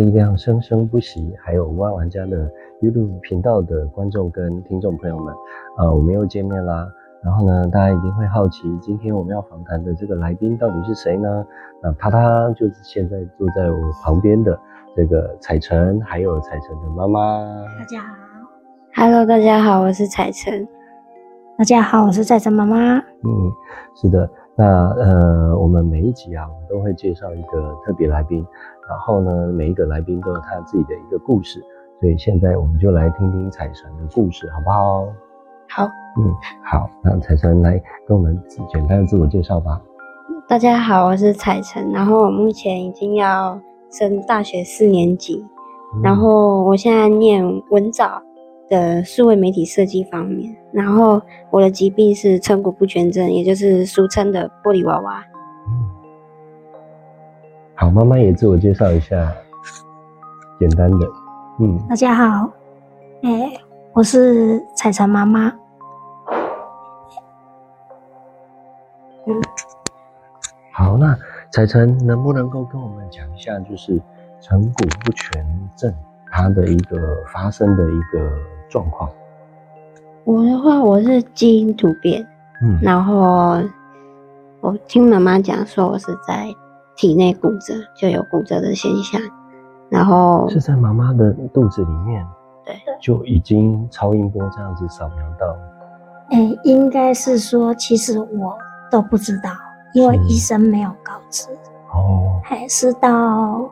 力量生生不息，還有無礙玩家的 YouTube 頻道的觀眾跟聽眾朋友們，呃，我們又見面啦。然後呢，大家一定會好奇，今天我們要訪談的這個來賓到底是誰呢？那他他就是現在坐在我旁邊的這個綵程，還有綵程的媽媽。大家好，Hello，大家好，我是綵程。大家好，我是綵程媽媽。嗯，是的，那呃，我們每一集啊，都會介紹一個特別來賓。然後呢，每一個來賓都有他自己的一個故事，所以現在我們就來聽聽綵程的故事，好不好？好，嗯，好，那綵程來跟我們簡單的自我介紹吧。大家好，我是綵程，然後我目前已經要升大學四年級，然後我現在念文藻的數位媒體設計方面，然後我的疾病是成骨不全症，也就是俗稱的玻璃娃娃。好，媽媽也自我介紹一下，簡單的，嗯。大家好，哎、欸，我是綵程媽媽。嗯，好，那綵程能不能夠跟我們講一下，就是成骨不全症它的一個發生的一個狀況？我的話，我是基因突變，嗯，然後我聽媽媽講說，我是在。體內骨折就有骨折的現象，然後是在媽媽的肚子裡面，對，就已經超音波這樣子掃描到。哎，應該是說，其實我都不知道，因為醫生沒有告知。哦，還是到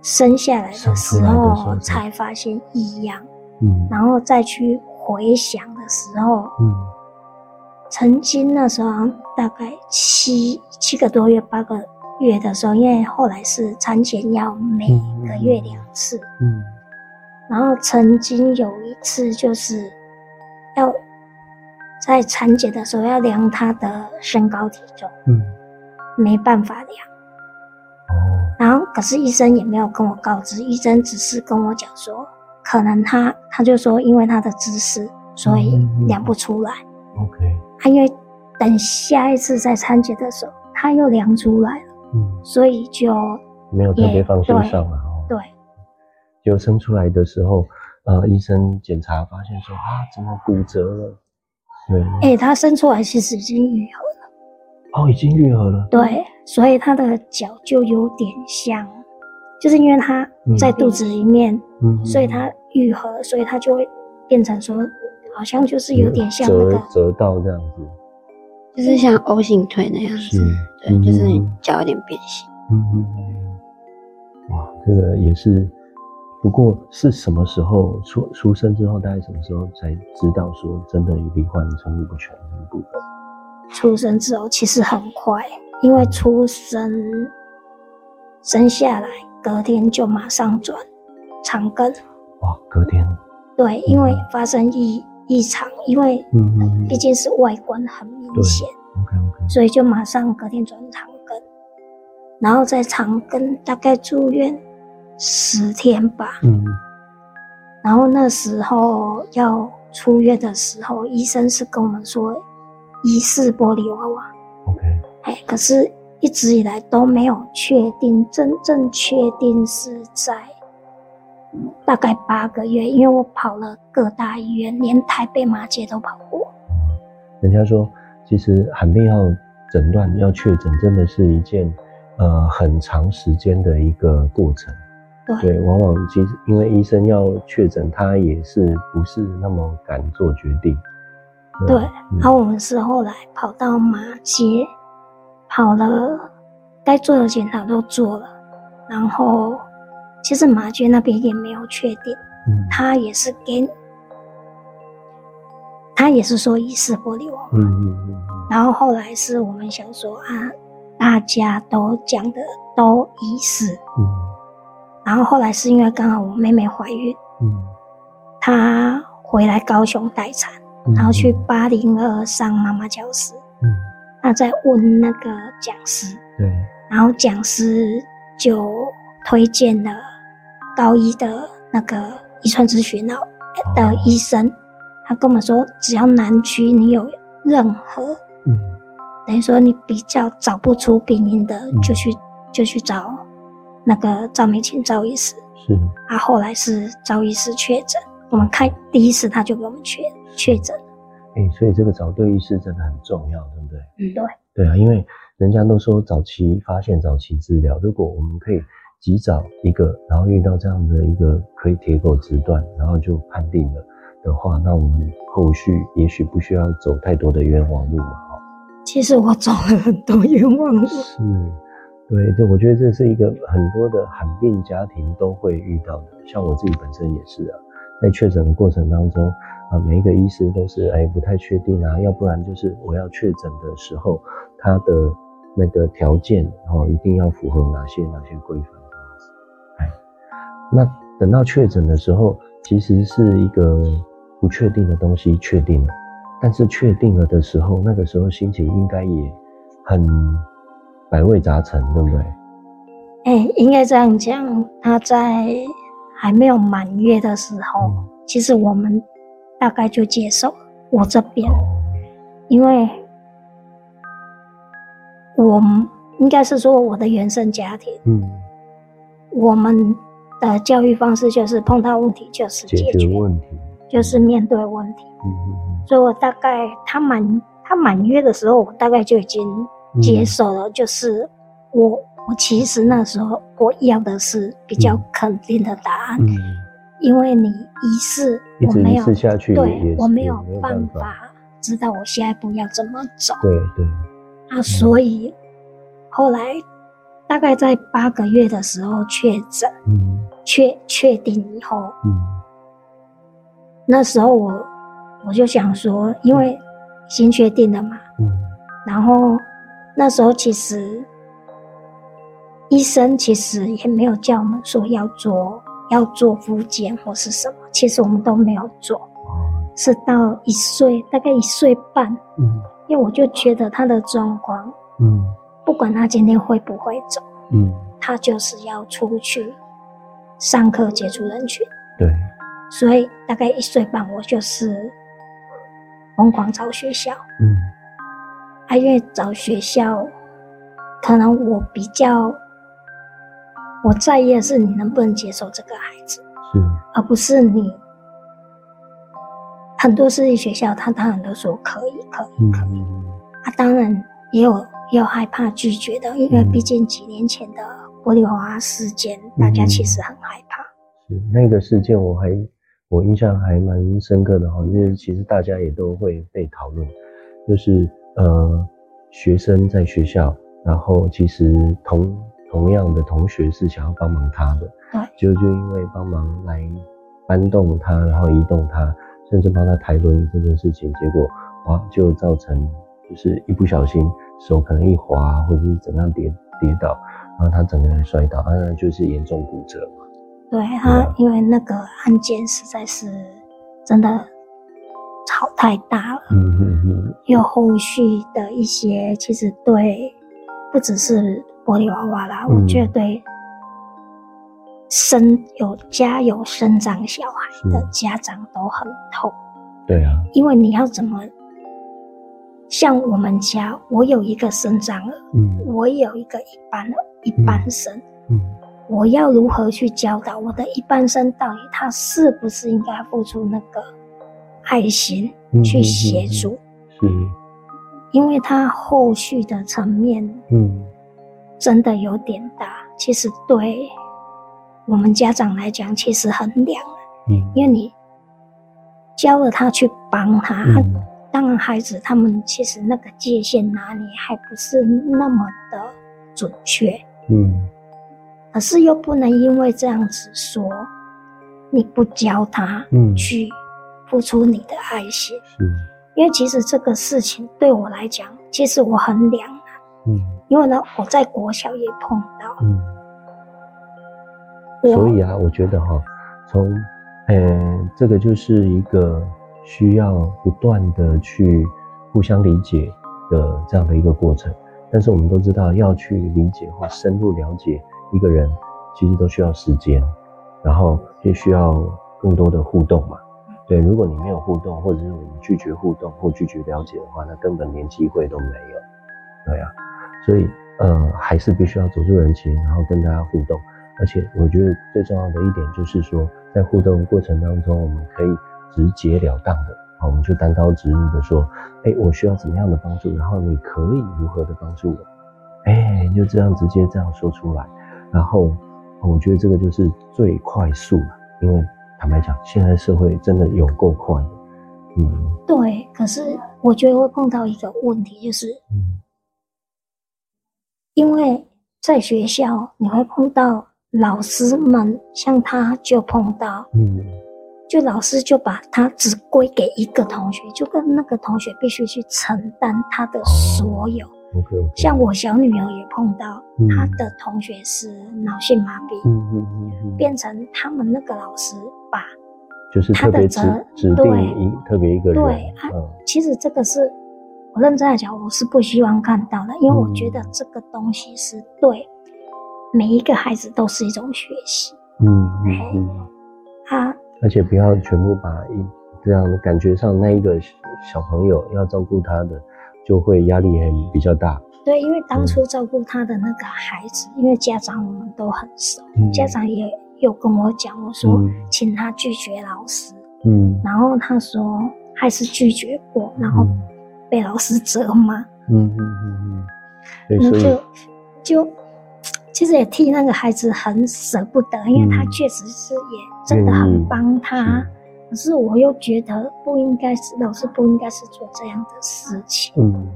生下來的時候，的時候才發現異樣。嗯，然後再去回想的時候，嗯，曾經那時候大概七七個多月，八個。月的時候，因為後來是產檢要每個月兩次，嗯，嗯，然後曾經有一次就是，要在產檢的時候要量他的身高體重，嗯，沒辦法量，哦，然後可是醫生也沒有跟我告知，醫生只是跟我講說，可能他他就說因為他的姿勢，所以量不出來，嗯嗯嗯，OK，他因為等下一次在產檢的時候他又量出來了。嗯，所以就沒有特別放心上了、欸、對，對，就生出來的時候，呃，醫生檢查發現說啊，怎麼骨折了？對了，哎、欸，他生出來其實已經癒合了，哦，已經癒合了，對，所以他的腳就有點像、嗯，就是因為他在肚子裡面，嗯、所以他癒合，所以他就會變成說，好像就是有點像、那個嗯、折折到這樣子。就是像 O 型腿那樣子，是對、嗯，就是腳有點變形。嗯嗯，哇，這個也是。不過是什麼時候出出生之後？大概什麼時候才知道說真的有罹患成骨不全的一部分？出生之後其實很快，因為出生生下來隔天就馬上轉長庚。哇，隔天？對，因為發生一，嗯異常，因為畢竟是外觀很明顯，嗯嗯嗯、okay, okay. 所以就馬上隔天轉長庚，然後在長庚大概住院十天吧，嗯，然後那時候要出院的時候，醫生是跟我們說疑似玻璃娃娃哎，okay，可是一直以來都沒有確定，真正確定是在，嗯、大概八個月，因為我跑了各大醫院，連台北馬偕都跑過。人家說，其實罕病要診斷、要確診，真的是一件，呃，很長時間的一個過程。對，對，往往其實因為醫生要確診，他也是不是那麼敢做決定。對，然、嗯、後我們是後來跑到馬偕，跑了該做的檢查都做了，然後。其實馬偕那邊也沒有確定，他、嗯、也是跟，他也是說疑似玻璃網。嗯，嗯，嗯然後後來是我們想說啊，大家都講的都疑似、嗯。然後後來是因為剛好我妹妹懷孕，嗯、她回來高雄待產、嗯，然後去八零二上媽媽教室、嗯。她在問那個講師。嗯、然後講師就推薦了，高醫的那個遺傳諮詢腦的醫生，他跟我們說，只要南區你有任何，嗯，等於說你比較找不出病因的，就去就去找那個趙美琴趙醫師。是。他、啊、後來是趙醫師確診，我們開第一次他就給我們確確診。哎、欸，所以這個找對醫師真的很重要，對不對？嗯，對。對啊，因為人家都說早期發現，早期治療。如果我們可以。及早一個，然後遇到這樣的一個可以鐵口直斷，然後就判定了的話，那我們後續也許不需要走太多的冤枉路嘛？哈，其實我走了很多冤枉路。是，對，這我覺得這是一個很多的罕病家庭都會遇到的，像我自己本身也是啊，在確診的過程當中啊，每一個醫師都是哎、欸、不太確定啊，要不然就是我要確診的時候，他的那個條件哦、喔、一定要符合哪些哪些規範。那等到確診的時候，其實是一個不確定的東西確定了，但是確定了的時候，那個時候心情應該也很百味雜陳，對不對？哎、欸，應該這樣講。他在還沒有滿月的時候、嗯，其實我們大概就接受我這邊，因為我應該是說我的原生家庭，嗯，我們。的教育方式就是碰到問題就是解決，解決問題，就是面對問題。嗯嗯。所以我大概他滿他滿月的時候，我大概就已經接受了，就是我、嗯、我其實那時候我要的是比較肯定的答案，嗯嗯、因為你疑似、嗯，我沒有一一對也也沒有，我沒有辦法知道我下一步要怎麼走。對對。啊，所以後來大概在八個月的時候確診。嗯確確定以後，嗯，那時候我我就想說，因為已經確定了嘛，嗯，然後那時候其實醫生其實也沒有叫我們說要做要做複檢或是什麼，其實我們都沒有做，是到一歲，大概一歲半，嗯，因為我就覺得他的狀況，嗯，不管他今天會不會走，嗯，他就是要出去。上課接觸人群，對，所以大概一歲半，我就是瘋狂找學校，嗯，啊，因為找學校，可能我比較我在意的是你能不能接受這個孩子，是，而不是你很多私立學校，他當然都說可以，可以，可以，嗯、啊，當然也有也有害怕拒絕的，因為畢竟幾年前的。玻璃花事件，大家其實很害怕。嗯、是那個事件，我還我印象還蠻深刻的哈，就是其實大家也都會被討論，就是呃學生在學校，然後其實同同樣的同學是想要幫忙他的，對，就就因為幫忙來搬動他，然後移動他，甚至幫他抬輪椅這件事情，結果滑就造成就是一不小心手可能一滑，或者是怎樣跌跌倒。然、啊、後他整個人摔倒，啊，就是嚴重骨折嘛。對他、啊啊，因為那個案件實在是真的吵太大了。嗯嗯又後續的一些，其實對不只是玻璃娃娃啦，嗯、我覺得對身障有家有身障小孩的家長都很痛。對、嗯、啊。因為你要怎麼像我們家，我有一個身障了嗯，我有一個一般的。一般生、嗯嗯，我要如何去教導我的一般生？到底他是不是應該付出那個愛心去協助、嗯嗯嗯，是？因為他後續的層面，真的有點大、嗯。其實對我們家長來講，其實很涼了、嗯，因為你教了他去幫他，嗯、當然孩子他們其實那個界限哪裡還不是那麼的準確。嗯，可是又不能因為這樣子說，你不教他，嗯，去付出你的愛心，嗯是，因為其實這個事情對我來講，其實我很兩難，嗯，因為呢，我在國小也碰到，嗯，所以啊，我覺得哈、喔，從，呃、欸，這個就是一個需要不斷的去互相理解的這樣的一個過程。但是我們都知道，要去理解或深入了解一個人，其實都需要時間，然後也需要更多的互動嘛。對，如果你沒有互動，或者是我們拒絕互動或拒絕了解的話，那根本連機會都沒有。對啊，所以呃，還是必須要走出人群，然後跟大家互動。而且我覺得最重要的一點就是說，在互動過程當中，我們可以直截了當的。我們就單刀直入的說，哎、欸，我需要怎麼樣的幫助？然後你可以如何的幫助我？哎、欸，就這樣直接這樣說出來。然後我覺得這個就是最快速了，因為坦白講，現在社會真的有夠快的。嗯，對。可是我覺得會碰到一個問題，就是、嗯、因為在學校你會碰到老師們，像他就碰到嗯。就老師就把他只歸給一個同學，就跟那個同學必須去承擔他的所有。Oh, okay, okay. 像我小女兒也碰到，她的同學是腦性麻痹、嗯嗯嗯，變成他們那個老師把他的責，就是特別指對，指定一，對特別一個人。對啊、嗯，其實這個是我認真的講，我是不希望看到的，因為我覺得這個東西是對每一個孩子都是一種學習。嗯嗯,嗯。嗯而且不要全部把一，這樣的感覺上那一個小朋友要照顧他的，就會壓力也比較大。對，因為當初照顧他的那個孩子，嗯，因為家長我們都很熟，嗯，家長也有跟我講，我說，嗯，請他拒絕老師。嗯。然後他說還是拒絕過，然後被老師責罵。嗯嗯嗯嗯。就，嗯嗯嗯，就。就其實也替那個孩子很捨不得，因為他確實是也真的很幫他，嗯、是，可是我又覺得不應該是老師，不應該是做這樣的事情。嗯，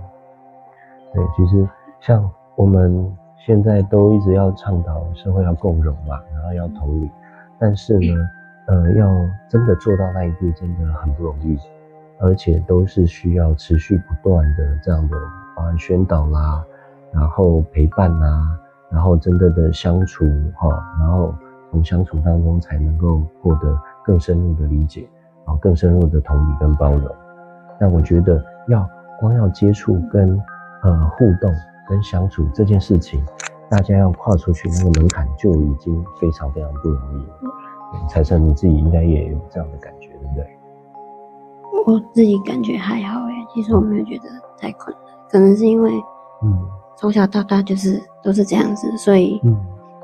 對，其實像我們現在都一直要倡導社會要共融嘛，然後要同理，但是呢，呃，要真的做到那一步真的很不容易，而且都是需要持續不斷的這樣的，啊，宣導啦，然後陪伴啦。然後真的的相處哈，然後從相處當中才能夠獲得更深入的理解，然後更深入的同理跟包容。但我覺得要光要接觸跟呃互動跟相處這件事情，大家要跨出去那個門檻就已經非常非常不容易了。綵、嗯、程，嗯、你自己應該也有這樣的感覺，對不對？我自己感覺還好誒、欸、其實我沒有覺得太困難，可能是因為嗯。從小到大就是都是這樣子，所以，嗯，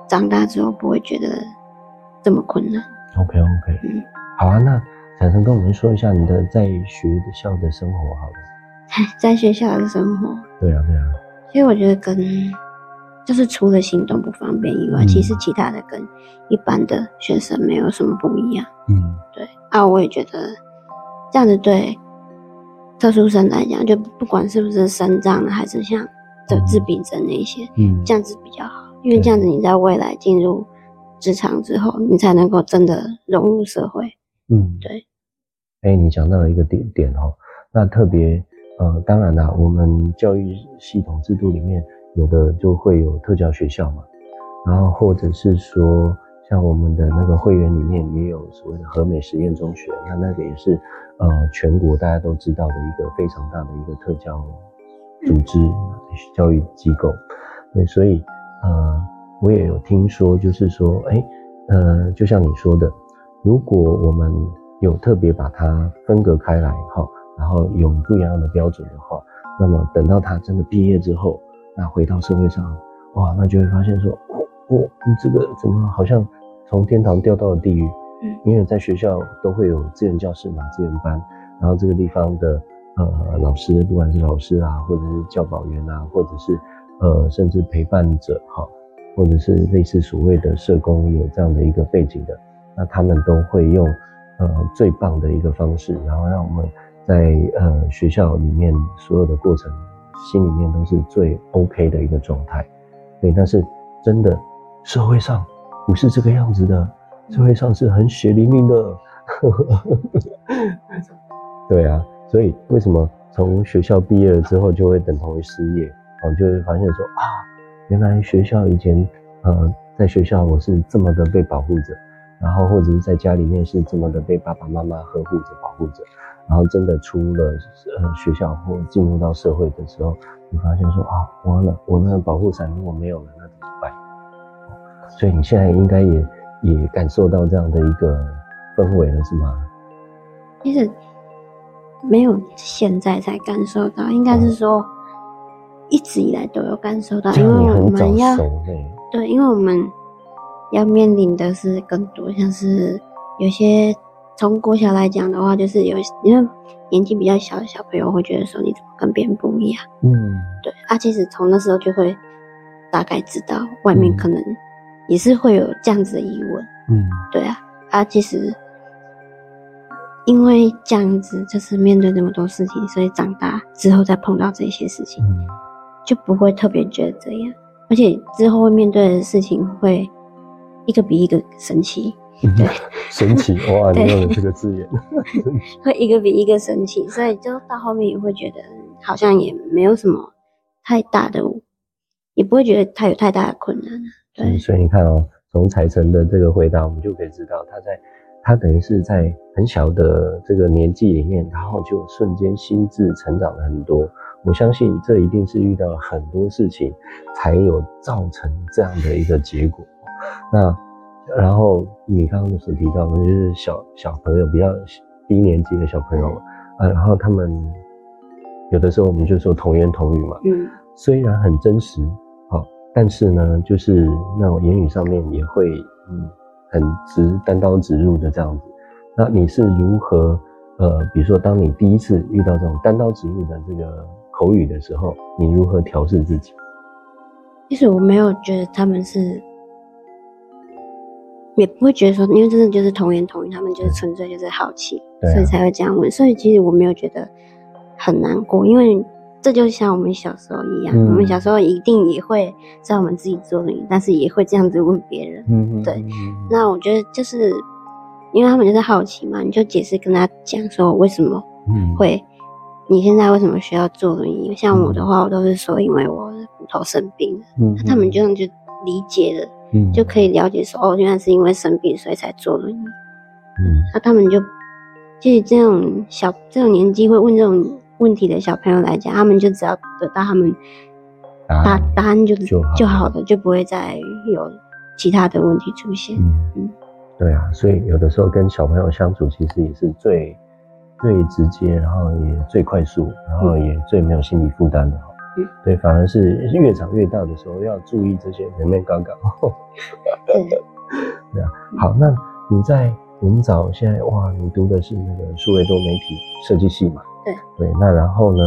長大之後不會覺得這麼困難。嗯、OK OK，嗯，好啊，那綵程跟我們說一下你的在學校的生活，好了。在學校的生活，對啊對啊。所以我覺得跟，就是除了行動不方便以外，嗯，其實其他的跟一般的學生沒有什麼不一樣。嗯，對啊，我也覺得這樣子對特殊生來講，就不管是不是身障的，還是像。的自閉症那些，嗯，這樣子比較好，因為這樣子你在未來進入職場之後，你才能夠真的融入社會。嗯，對。哎、欸，你講到了一個點點哦，那特別，呃，當然啦，我們教育系統制度裡面有的就會有特教學校嘛，然後或者是說像我們的那個會員裡面也有所謂的和美實驗中學，那那個也是，呃，全國大家都知道的一個非常大的一個特教。組織教育機構，那所以，呃，我也有聽說，就是說，哎、欸，呃，就像你說的，如果我們有特別把它分隔開來哈，然後有不一樣的標準的話，那麼等到他真的畢業之後，那回到社會上，哇，那就會發現說，哇，你、嗯、這個怎麼好像從天堂掉到了地獄？因為在學校都會有資源教室嘛，資源班，然後這個地方的。呃，老師，不管是老師啊，或者是教導員啊，或者是呃，甚至陪伴者哈、啊，或者是類似所謂的社工，有這樣的一個背景的，那他們都會用呃最棒的一個方式，然後讓我們在呃學校裡面所有的過程，心裡面都是最 OK 的一個狀態。對，但是真的社會上不是這個樣子的，社會上是很血淋淋的。呵呵呵。對啊。所以，為什麼從學校畢業了之後就會等同於失業啊？就會發現說啊，原來學校以前，呃，在學校我是這麼的被保護着，然後或者是在家裡面是這麼的被爸爸媽媽呵護着、保護着，然後真的出了呃學校或進入到社會的時候，你發現說啊，完了，我那保護傘如果沒有了，那怎麼辦？所以你現在應該也也感受到這樣的一個氛圍了，是嗎？其實。沒有，現在才感受到，應該是說一直以來都有感受到，嗯、因為我們要，對，因為我們要面臨的是更多，像是有些從國小來講的話，就是有因為年紀比較小的小朋友會覺得說，你怎麼跟別人不一樣？嗯，對，他、啊、其實從那時候就會大概知道外面可能也是會有這樣子的疑問。嗯，對啊，啊，其實。因為這樣子就是面對那麼多事情，所以長大之後再碰到這些事情，就不會特別覺得這樣。而且之後會面對的事情會一個比一個神奇，神奇哇！ 你用了這個字眼， 會一個比一個神奇，所以就到後面也會覺得好像也沒有什麼太大的，也不會覺得他有太大的困難。對，嗯、所以你看哦、喔，從綵程的這個回答，我們就可以知道他在。他等於是在很小的這個年紀裡面，然後就瞬間心智成長了很多。我相信這一定是遇到很多事情，才有造成這樣的一個結果。 那然後你剛剛所提到的就是小小朋友比較低年級的小朋友啊，然後他們有的時候我們就說童言童語嘛，嗯，雖然很真實，好、哦，但是呢，就是那種言語上面也會嗯。很直，單刀直入的這樣子，那你是如何，呃，比如說當你第一次遇到這種單刀直入的這個口語的時候，你如何調適自己？其實我沒有覺得他們是，也不會覺得說，因為真的就是童言童語，他們就是純粹就是好奇、嗯啊，所以才會這樣問，所以其實我沒有覺得很難過，因為。這就像我們小時候一樣，嗯、我們小時候一定也會在我們自己坐輪椅、嗯，但是也會這樣子問別人。嗯，對。嗯、那我覺得就是因為他們就是好奇嘛，你就解釋跟他講說為什麼會、嗯、你現在為什麼需要坐輪椅？像我的話，我都是說因為我的骨頭生病了嗯。嗯，那他們這樣就理解了、嗯，就可以了解說哦，原來是因為生病所以才坐輪椅。嗯，那他們就就是這種小這種年紀會問這種問題的小朋友來講，他們就只要得到他們答案答案就，就好就好了，就不會再有其他的問題出現。嗯，對啊，所以有的時候跟小朋友相處，其實也是最、嗯、最直接，然後也最快速，然後也最沒有心理負擔的、嗯。對，反而是越長越大的時候，要注意這些方面。剛剛、嗯，對啊，好，那你在我們早現在哇，你讀的是那個數位多媒體設計系嘛？對，那然後呢？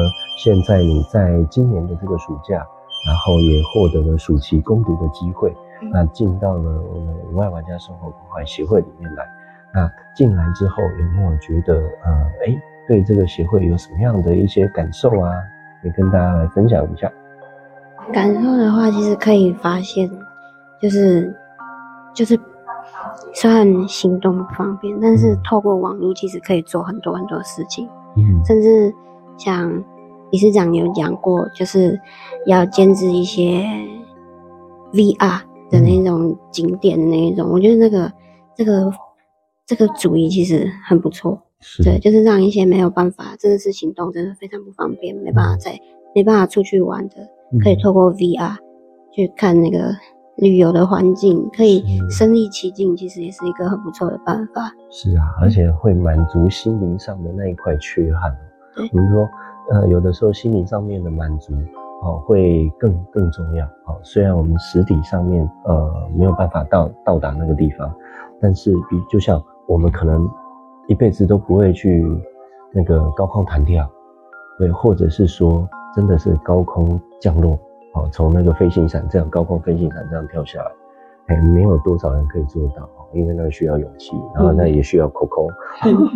現在你在今年的這個暑假，然後也獲得了暑期工讀的機會，嗯，那進到了我們無礙玩家生活關懷協會裡面來。那進來之後，有沒有覺得呃，哎，對這個協會有什麼樣的一些感受啊？也跟大家來分享一下。感受的話，其實可以發現，就是，就是就是雖然行動不方便，但是透過網絡，其實可以做很多很多事情。甚至像理事長有講過，就是要監製一些 VR 的那種景點的那一種，我覺得那個這個這個主意其實很不錯。是，對，就是讓一些沒有辦法，真的是行動真的非常不方便，沒辦法再沒辦法出去玩的，可以透過 VR 去看那個。旅遊的環境可以身臨其境，其實也是一個很不錯的辦法。是啊，而且會滿足心靈上的那一塊缺憾。嗯，比如說，呃，有的時候心靈上面的滿足啊、哦，會更更重要啊、哦。雖然我們實體上面呃沒有辦法到到達那個地方，但是比就像我們可能一輩子都不會去那個高空彈跳，對，或者是說真的是高空降落。哦，從那個飛行傘這樣高空飛行傘這樣跳下來，哎、欸，沒有多少人可以做到，因為那個需要勇氣，然後那也需要摳摳、嗯。啊、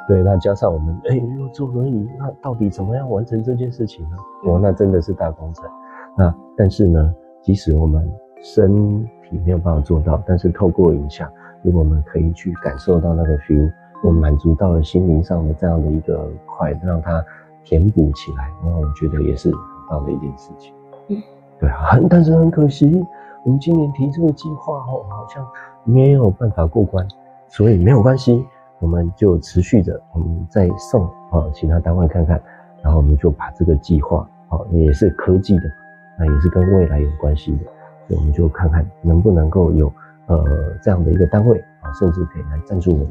對，那加上我們哎、欸、又坐輪椅，那到底怎麼樣完成這件事情呢？嗯、哦，那真的是大工程。那但是呢，即使我們身體沒有辦法做到，但是透過影像，如果我們可以去感受到那個 feel，我們滿足到了心靈上的這樣的一個快樂，讓它填補起來，那我覺得也是很棒的一件事情。嗯，對啊，很，但是很可惜，我們今年提這個計劃哦，好像沒有辦法過關，所以沒有關係，我們就持續着，我們再送啊其他單位看看，然後我們就把這個計劃，啊，也是科技的，那也是跟未來有關係的，所以我們就看看能不能夠有呃這樣的一個單位啊，甚至可以來贊助我們，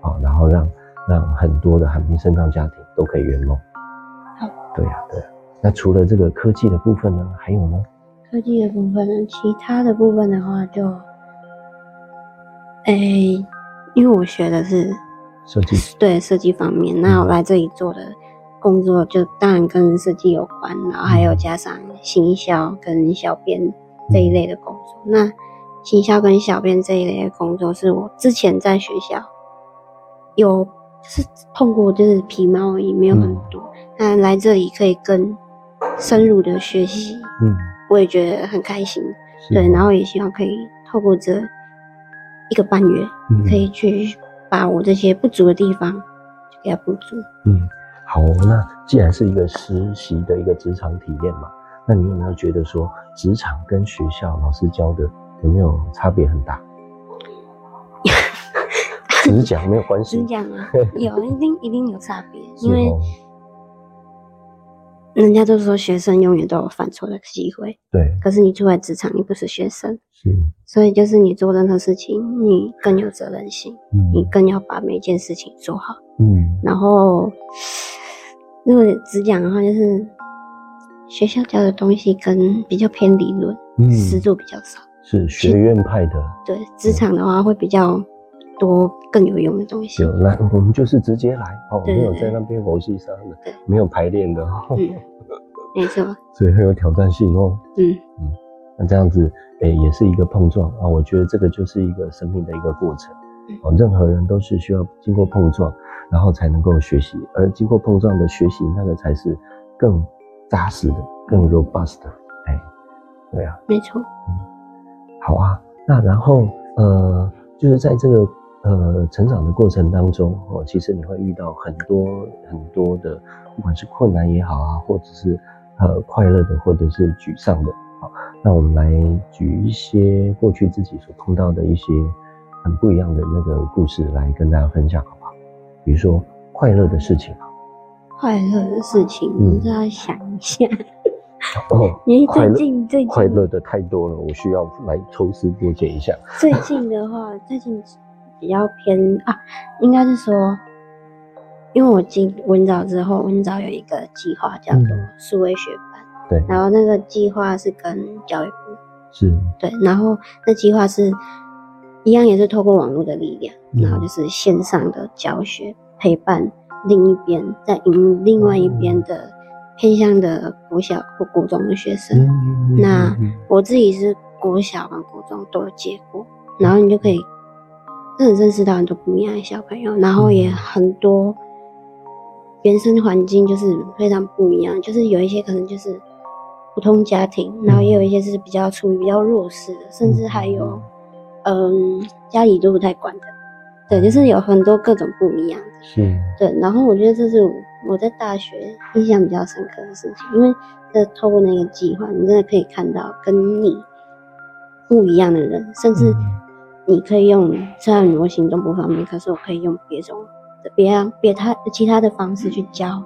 啊，然後讓讓很多的罕病身障家庭都可以圓夢、嗯啊。對呀、啊，對呀。那除了這個科技的部分呢？還有呢？科技的部分，呢，其他的部分的話，就，哎、欸，因為我學的是設計，對設計方面。那我來這裡做的工作，就當然跟設計有關、嗯，然後還有加上行銷跟小編這一類的工作。嗯、那行銷跟小編這一類的工作，是我之前在學校有、就是碰過，就是皮毛也沒有很多。嗯、那來這裡可以跟深入的學習，嗯，我也覺得很開心，對，然後也希望可以透過這一個半月，嗯，可以去把我這些不足的地方給它補足。嗯，好，那既然是一個實習的一個職場體驗嘛，那你有沒有覺得說職場跟學校老師教的有沒有差別很大？直講沒有關係。直講啊， 有，一定一定有差別，因為。人家都說學生永遠都有犯錯的機會，對。可是你出來職場，你不是學生，是。所以就是你做任何事情，嗯、你更有責任心，嗯，你更要把每件事情做好，嗯。然後，如果只講的話，就是學校教的東西跟比較偏理論，嗯，實做比較少，是學院派的。對，職場的話會比較。多更有用的東西。那我們就是直接來哦、喔，沒有在那邊遊戲上的，沒有排練的。嗯、呵呵沒錯。所以很有挑戰性哦、喔。嗯嗯，那這樣子誒、欸，也是一個碰撞啊、喔。我覺得這個就是一個生命的一個過程。哦、嗯喔，任何人都是需要經過碰撞，然後才能夠學習，而經過碰撞的學習，那個才是更紮實的、更 robust 的。哎、欸，對啊，沒錯。嗯，好啊。那然後呃，就是在這個。呃，成長的過程當中，哦，其實你會遇到很多很多的，不管是困難也好啊，或者是呃快樂的，或者是沮喪的，好，那我們來舉一些過去自己所碰到的一些很不一樣的那個故事來跟大家分享，好不好？比如說快樂的事情啊，快樂的事情，嗯、我們再想一下，哦、你最近快樂，最近快樂的太多了，我需要來抽絲剝繭一下。最近的話，最近。比較偏啊，應該是說，因為我進文藻之後，文藻有一個計劃叫做數位學班、嗯，對，然後那個計劃是跟教育部，是對，然後那計劃是一樣，也是透過網絡的力量、嗯，然後就是線上的教學陪伴另一邊在營另外一邊的偏向的國小和國中的學生、嗯嗯嗯嗯，那我自己是國小和國中都有接過，然後你就可以。是很認識到很多不一樣的小朋友，然後也很多原生環境就是非常不一樣，就是有一些可能就是普通家庭，然後也有一些是比較處於比較弱勢的，甚至還有嗯家裡都不太管的，對，就是有很多各種不一樣的。是。對。然後我覺得這是我我在大學印象比較深刻的事情，因為這透過那個計劃，你真的可以看到跟你不一樣的人，甚至。你可以用雖然行動不方便，可是我可以用別種、別樣、別他、其他的方式去教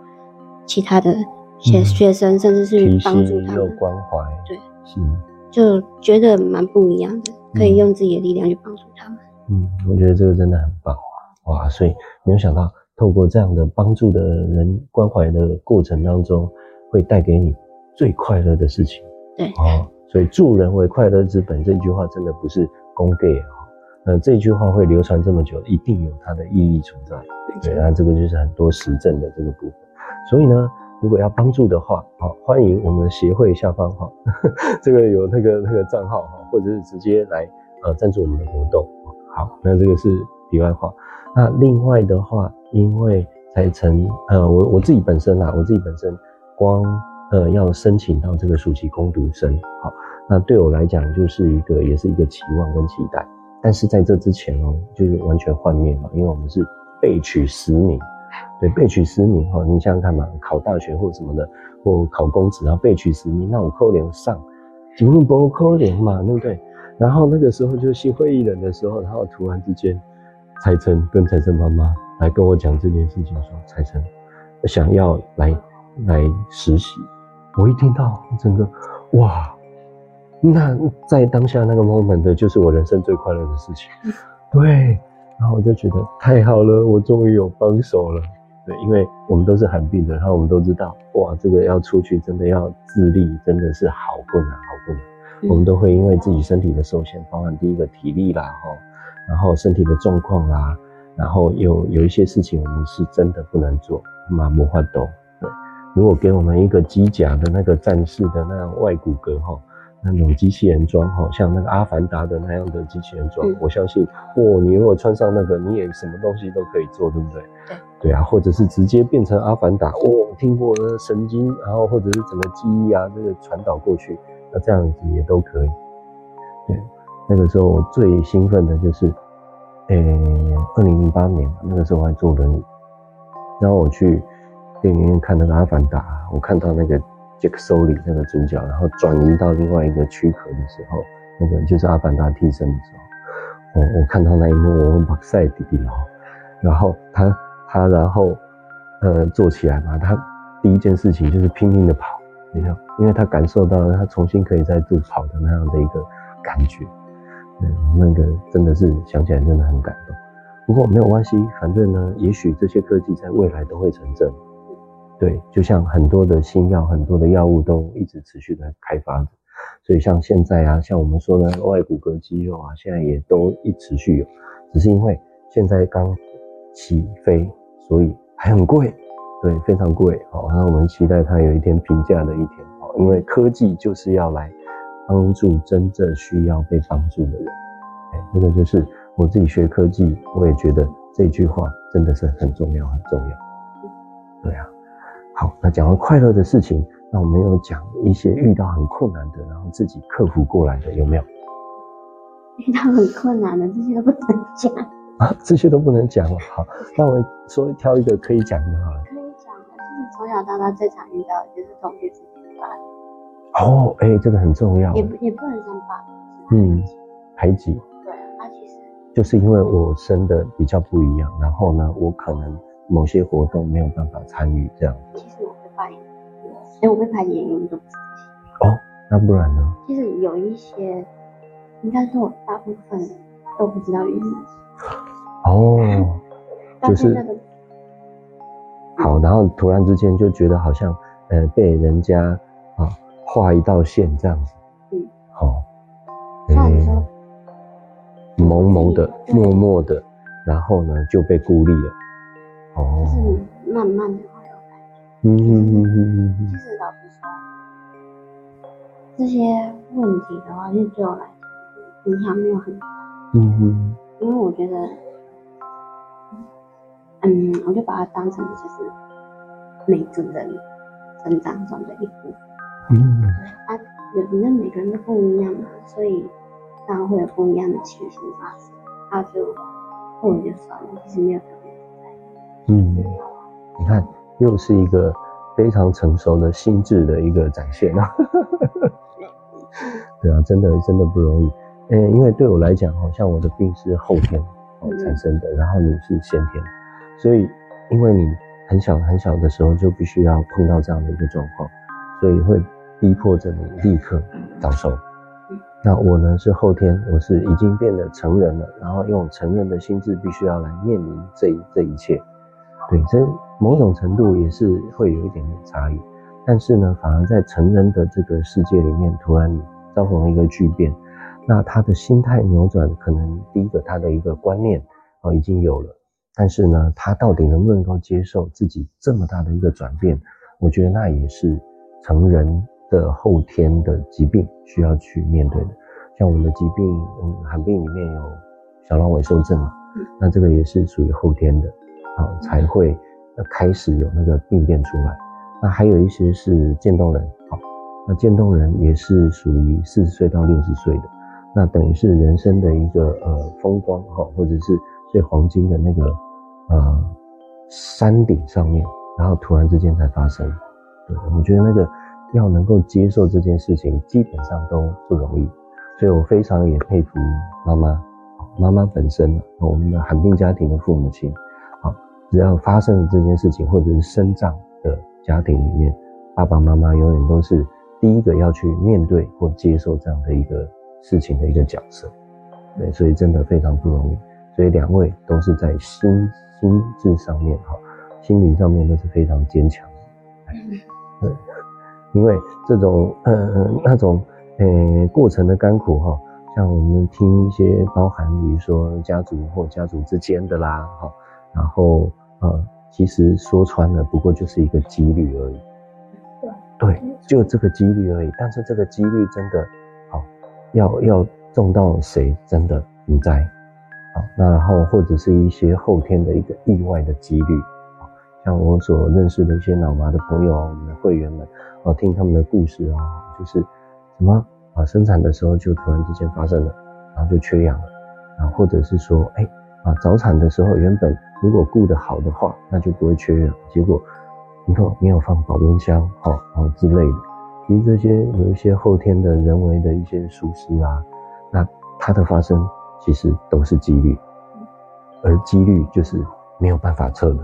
其他的學、嗯、學生，甚至是幫助他們。關懷，對，是，就覺得蠻不一樣的，可以用自己的力量去幫助他們。嗯，我覺得這個真的很棒啊！哇，所以沒有想到透過這樣的幫助的人關懷的過程當中，會帶給你最快樂的事情。對啊、哦，所以助人為快樂之本這一句話真的不是功給。嗯、呃，這句話會流傳這麼久，一定有它的意義存在。對，對對，那這個就是很多實證的這個部分。所以呢，如果要幫助的話，好、哦，歡迎我們的協會下方哈、哦，這個有那個那個賬號哈，或者是直接來呃贊助我們的活動。嗯、好，那這個是題外話。那另外的話，因為綵程呃，我我自己本身啊，我自己本身光呃要申請到這個暑期工讀生，好，那對我來講就是一個也是一個期望跟期待。但是在這之前哦、喔，就是完全幻滅嘛，因為我們是備取十名，對，備取十名哈、喔，你想想看嘛，考大學或者什麼的，或考公職，然後備取十名，那我扣憐上，怎麼不扣憐嘛，對不對？然後那個時候就心灰意冷的時候，然後突然之間，綵程跟綵程媽媽來跟我講這件事情說，說綵程想要來來實習，我一聽到我整個哇。那在當下那個 moment 的，就是我人生最快樂的事情。對，然後我就覺得太好了，我終於有幫手了。對，因為我們都是罕病的，然後我們都知道，哇，這個要出去真的要自立，真的是好困難，好困難，嗯。我們都會因為自己身體的受限，包含第一個體力啦，齁，然後身體的狀況啦，然後有有一些事情我們是真的不能做，麻木、發抖。對，如果給我們一個機甲的那個戰士的那樣外骨骼，哈。那種機器人裝，哈，像那個阿凡達的那樣的機器人裝、嗯，我相信，哦，你如果穿上那個，你也什麼東西都可以做，對不對？對，啊，或者是直接變成阿凡達，哇、哦，聽過那個神經，然後或者是整個記憶啊，那個傳導過去，那這樣子也都可以。對，那個時候我最興奮的就是，誒，二零零八年，那個時候我還坐輪椅，然後我去電影院看那個阿凡達，我看到那個。傑克·蘇里那個主角，然後轉移到另外一個軀殼的時候，那個就是阿凡達替身的時候，哦，我我看到那一幕，我們把賽迪牢，然後他他然後呃坐起來嘛，他第一件事情就是拼命的跑，你知道，因為他感受到了他重新可以再度跑的那樣的一個感覺，那個真的是想起來真的很感動。不過沒有關係，反正呢，也許這些科技在未來都會成真。對，就像很多的新藥，很多的藥物都一直持續在開發着，所以像現在啊，像我們說的外骨骼肌肉啊，現在也都一直持續，有，只是因為現在剛起飛，所以還很貴，對，非常貴。好，那我們期待它有一天平價的一天。好，因為科技就是要來幫助真正需要被幫助的人。哎，這、那個就是我自己學科技，我也覺得這句話真的是很重要，很重要。對啊。好，那講完快樂的事情，那我們有講一些遇到很困難的，然後自己克服過來的，有沒有？遇到很困難的這些都不能講啊，這些都不能講。好，那我們稍微挑一個可以講的好了。可以講的就是從小到大最常遇到就是同學之間的霸凌哦，哎、欸，這個很重要。也也不能說霸凌。嗯，排擠。對，那其實就是因為我生的比較不一樣，然後呢，我可能。某些活動沒有辦法參與，這樣子。其實我會發言因為我會扮演一種自己。哦，那不然呢？其實有一些，應該說我大部分都不知道原因。哦。嗯，是那個，就是，嗯。好，然後突然之間就覺得好像，呃，被人家啊畫一道線這樣子。嗯。好。哎。萌，欸，懵的，默，就是，默的，然後呢就被孤立了。慢慢的會有感覺。就是、嗯嗯嗯嗯。其實老實說，這些問題的話，其實就對我來講，影響沒有很大。嗯。因為我覺得，嗯，我就把它當成就是每個人成長中的一部分。嗯。啊，因為每個人都不一樣嘛，所以他會有不一樣的情形發生，那就我、嗯、就算了，其實沒有特別在意。嗯。嗯你看，又是一個非常成熟的心智的一個展現啊！ 對啊，真的真的不容易。嗯、欸，因為對我來講，好像我的病是後天、呃、產生的，然後你是先天，所以因為你很小很小的時候就必須要碰到這樣的一個狀況，所以會逼迫着你立刻早熟。那我呢是後天，我是已經變得成人了，然後用成人的心智必須要來面臨這一這一切。對，這。某種程度也是會有一點點差異，但是呢，反而在成人的這個世界裡面，突然遭逢一個巨變，那他的心態扭轉，可能第一個他的一個觀念啊、哦、已經有了，但是呢，他到底能不能夠接受自己這麼大的一個轉變？我覺得那也是成人的後天的疾病需要去面對的。像我們的疾病，我們罕病裡面有小腦萎縮症嘛，那這個也是屬於後天的啊、哦、才會。開始有那個病變出來，那還有一些是漸凍人，好，那漸凍人也是屬於四十歲到六十歲的，那等於是人生的一個呃風光哈，或者是最黃金的那個呃山頂上面，然後突然之間才發生。對，我覺得那個要能夠接受這件事情，基本上都不容易，所以我非常也佩服媽媽，媽媽本身啊，我們的罕病家庭的父母親。只要發生了這件事情，或者是身障的家庭裡面，爸爸媽媽永遠都是第一個要去面對或接受這樣的一個事情的一個角色，對，所以真的非常不容易。所以兩位都是在心心智上面哈，心理上面都是非常堅強的。對，因為這種呃那種嗯、呃、過程的甘苦哈，像我們聽一些包含，比如說家族或家族之間的啦，哈，然後。呃，其實說穿了，不過就是一個幾率而已。對，就這個幾率而已。但是這個幾率真的，啊，要要中到誰真的你在啊。那然後或者是一些後天的一個意外的幾率。像我所認識的一些腦麻的朋友，我們的會員們啊，聽他們的故事啊，就是什麼啊，生產的時候就突然之間發生了，然後就缺氧了。然後或者是說哎啊，早產的時候原本。如果顧得好的話，那就不會缺氧。結果，你看沒有放保溫箱，哈、哦、啊、哦、之類的。其實這些有一些後天的人為的一些疏失啊，那它的發生其實都是幾率，而幾率就是沒有辦法測的、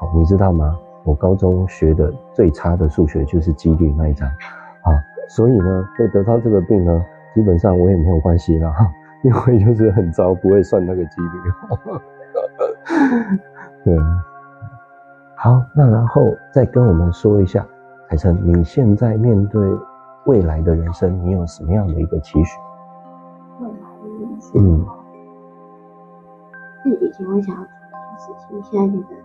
哦，你知道嗎？我高中學的最差的數學就是幾率那一章，啊、哦，所以呢，會得到這個病呢，基本上我也沒有關係啦，因為就是很糟，不會算那個幾率。對、 嗯，好，那然後再跟我們說一下，綵程，你現在面對未來的人生，你有什麼樣的一個期許？未來的人生嗯，嗯，以前我想要做的就是現在覺得，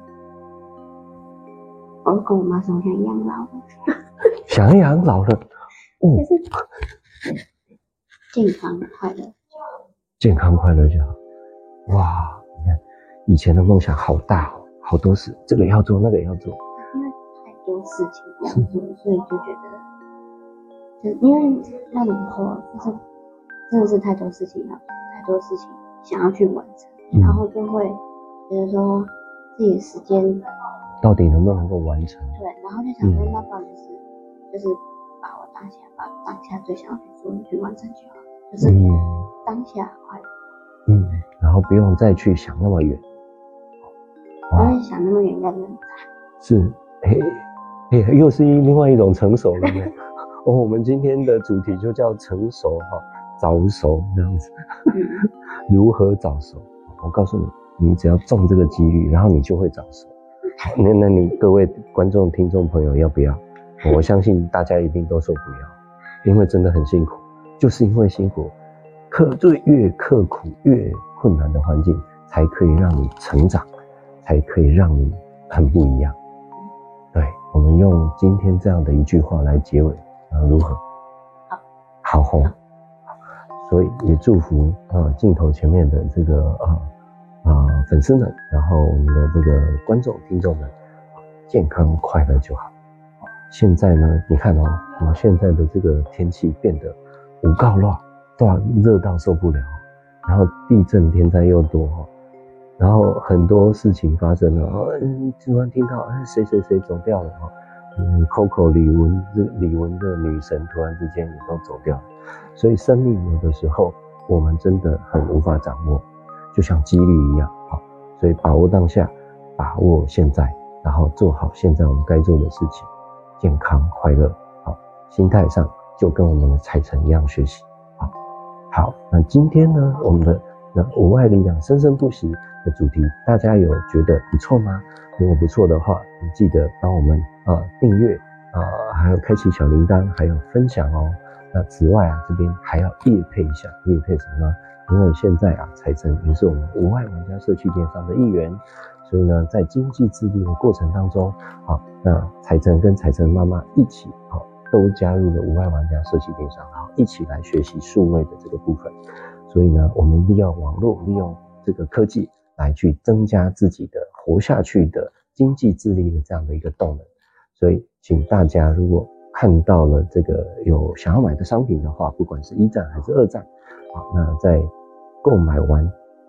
我跟我媽說，我想養老了。 想養老了、嗯，嗯，健康快樂就好。健康快樂就好。哇。以前的夢想好大，好多事，這個也要做，那個也要做，因為太多事情，要做，所以就覺得，就是、因為那時候就是真的是太多事情要做，太多事情想要去完成，嗯、然後就會覺得說自己的時間到底能不能夠完成？對，然後就想說，嗯、那爸就是就是把我當下把當下最想要去做，你去完成就好，就、嗯、是當下快樂。嗯，然後不用再去想那麼遠。不會想那麼遠，要不是，嘿、欸、嘿、欸，又是另外一種成熟了 哦，我們今天的主題就叫成熟哈，早熟這樣子， 如何早熟？我告訴你，你只要中這個機率，然後你就會早熟。 那那你各位觀眾、聽眾朋友要不要？我相信大家一定都說不要， 因為真的很辛苦，就是因為辛苦，就是越刻苦、越困難的環境，才可以讓你成長。才可以讓你很不一樣。對，我們用今天這樣的一句話來結尾啊，如何？好，好，齁。所以也祝福啊，鏡頭前面的這個啊啊粉絲們，然後我們的這個觀眾聽眾們，健康快樂就好。現在呢，你看哦，現在的這個天氣變得無告亂，到熱到受不了，然後地震天災又多然後很多事情發生了，嗯，突然聽到，啊，誰誰誰走掉了啊？嗯，Coco 李玟，李玟的女神突然之間也都走掉了，所以生命有的時候我們真的很無法掌握，就像幾率一樣啊。所以把握當下，把握現在，然後做好現在我們該做的事情，健康快樂啊。心態上就跟我們的財神一樣學習啊。好，那今天呢，我們的。那無礙力量生生不息的主題，大家有覺得不錯嗎？如果不錯的話，你記得幫我們啊訂閱啊，還有開啟小鈴鐺，還有分享哦。那此外啊，這邊還要業配一下，業配什麼呢？因為現在啊，綵程也是我們無礙玩家社區電商的一員，所以呢，在經濟自立的過程當中啊，那綵程跟綵程媽媽一起啊，都加入了無礙玩家社區電商，然後一起來學習數位的這個部分。所以呢，我們利用網絡，利用這個科技來去增加自己的活下去的經濟自立的這樣的一個動能。所以，請大家如果看到了這個有想要買的商品的話，不管是一站還是二站，啊，那在購買完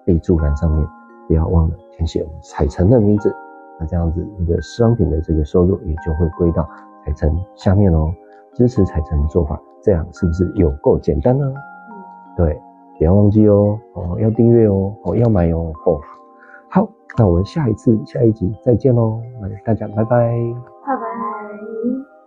備註欄上面，不要忘了填寫我們綵程的名字。那這樣子，那個商品的這個收入也就會歸到綵程下面哦，支持綵程的做法，這樣是不是有夠簡單呢？嗯、對。不要忘記哦，哦要訂閱哦，哦要買哦，哦，好，那我們下一次下一集再見嘍，那大家拜拜。